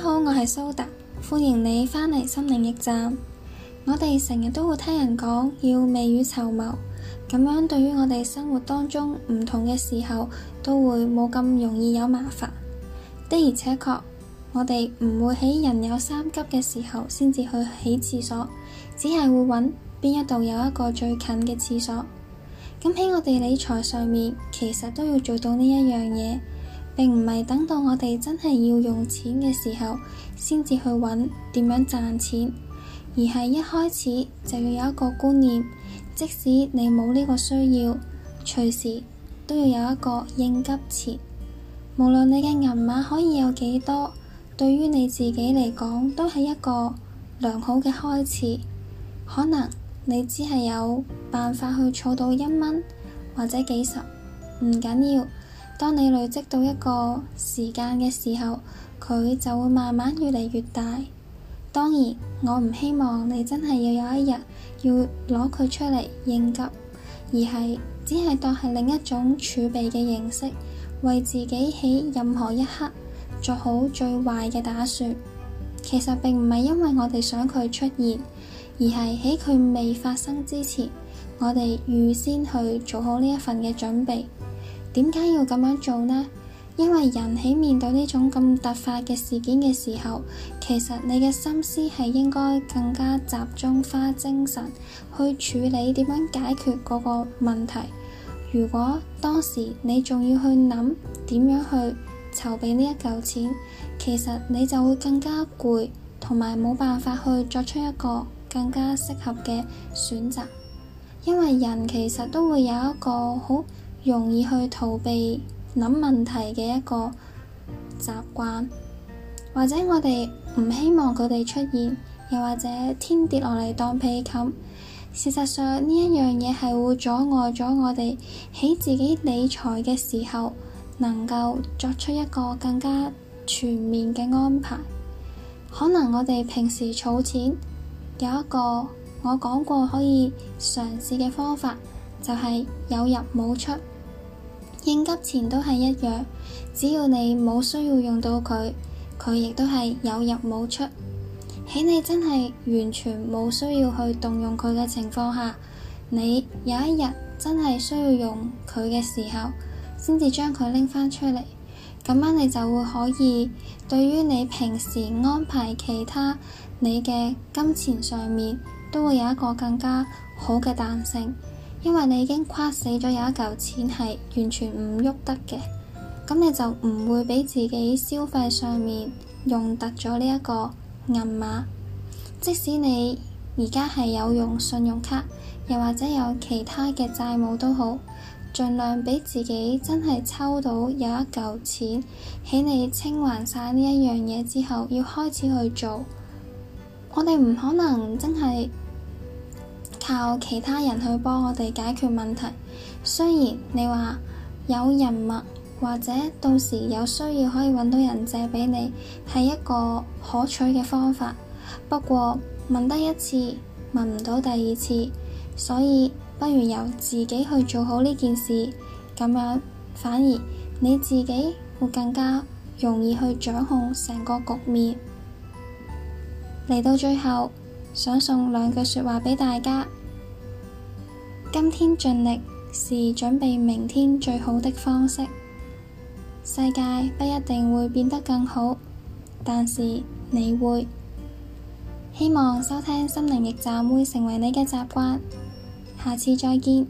大家好，我係蘇達，歡迎你返嚟心靈驛站。我哋成日都會聽人講要未雨綢繆，咁樣對於我哋生活當中唔同嘅時候都會冇咁容易有麻煩。的而且確，我哋唔會喺人有三急嘅時候先至去起廁所，只係會揾邊一度有一個最近嘅廁所。咁喺我哋理財上面，其實都要做到呢一樣嘢。並唔係等到我哋真係要用錢嘅時候，先至去揾點樣賺錢，而係一開始就要有一個觀念，即使你冇呢個需要，隨時都要有一個應急錢。無論你嘅銀碼可以有幾多，對於你自己嚟講都係一個良好嘅開始。可能你只係有辦法去儲到一蚊或者幾十，唔緊要。當你累積到一個時間嘅時候，佢就會慢慢越嚟越大。當然，我唔希望你真係要有一日要攞佢出嚟應急，而係只係當係另一種儲備嘅形式，為自己喺任何一刻做好最壞嘅打算。其實並唔係因為我哋想佢出現，而係喺佢未發生之前，我哋預先去做好呢一份嘅準備。點解要咁樣做呢？因為人喺面對呢種咁突發嘅事件嘅時候，其實你嘅心思係應該更加集中，花精神去處理點樣解決嗰個問題。如果當時你仲要去諗點樣去籌備呢一嚿錢，其實你就會更加攰，同埋冇辦法去作出一個更加適合嘅選擇。因為人其實都會有一個好容易去逃避諗問題嘅一個習慣，或者我哋唔希望佢哋出現，又或者天跌落嚟當被冚。事實上呢一樣嘢係會阻礙咗我哋喺自己理財嘅時候，能夠作出一個更加全面嘅安排。可能我哋平時儲錢有一個我講過可以嘗試嘅方法，就係有入冇出。應急錢都係一樣，只要你冇需要用到佢，佢亦都係有入冇出。喺你真係完全冇需要去動用佢嘅情況下，你有一日真係需要用佢嘅時候，先至將佢拎翻出嚟。咁樣你就會可以對於你平時安排其他你嘅金錢上面，都會有一個更加好嘅彈性。因為你已經跨死咗有一嚿錢係完全唔喐得嘅，咁你就唔會畀自己消費上面用突咗呢一個銀碼。即使你而家係有用信用卡，又或者有其他嘅債務都好，盡量畀自己真係抽到有一嚿錢，喺你清還晒呢一樣嘢之後，要開始去做。我哋唔可能真係。靠其他人去幫我哋解決問題，雖然你話有人脈或者到時有需要可以揾到人借畀你，係一個可取嘅方法。不過，問得一次，問唔到第二次，所以不如由自己去做好呢件事，咁樣反而你自己會更加容易去掌控成個局面。嚟到最後。想送兩句說話畀大家：今天盡力是準備明天最好的方式。世界不一定會變得更好，但是你會。希望收聽心靈驛站會成為你嘅習慣。下次再見。